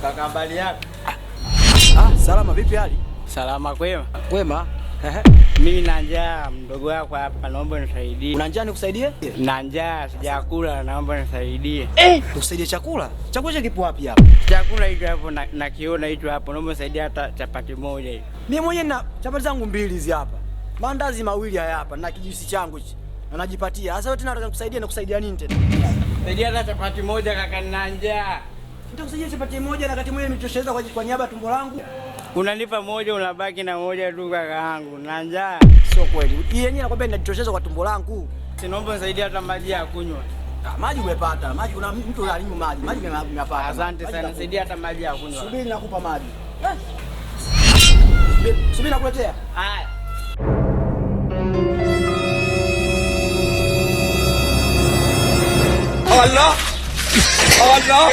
Kaka, habari yako? Ah, salama. Vipi hali? Salama, kwema. Kwema. Mimi na njaa, mdogo wako hapa, naomba nisaidie. Una njaa nikusaidie? Na njaa, sijakula, naomba nisaidie. Eh, tusaidie chakula? Chakula cha kipo wapi hapa? Chakula hicho hapo na, kiona hicho hapo, naomba nisaidie hata chapati moja hiyo. Mimi mwenyewe na chapati zangu mbili hizi hapa. Mandazi mawili haya hapa na kijusi changu hichi. Na najipatia. Sasa wewe tena unataka nikusaidia na kusaidia nini tena? Saidia hata chapati moja kaka, na njaa nitakusaidia chapati moja na kati moja nimechosheza kwa, kwa niaba tumbo langu. Unanipa moja unabaki na moja tu kaka yangu, na njaa. Sio kweli, yenyewe nakwambia ninachosheza kwa tumbo langu. Sinaomba nisaidie hata maji ya kunywa. Ah, maji umepata, maji kuna mtu unalimu maji. Maji umepata. Asante sana, Nisaidie hata maji ya kunywa. Subiri nakupa maji. Eh. Subiri nakuletea. Haya. Allah. Allah.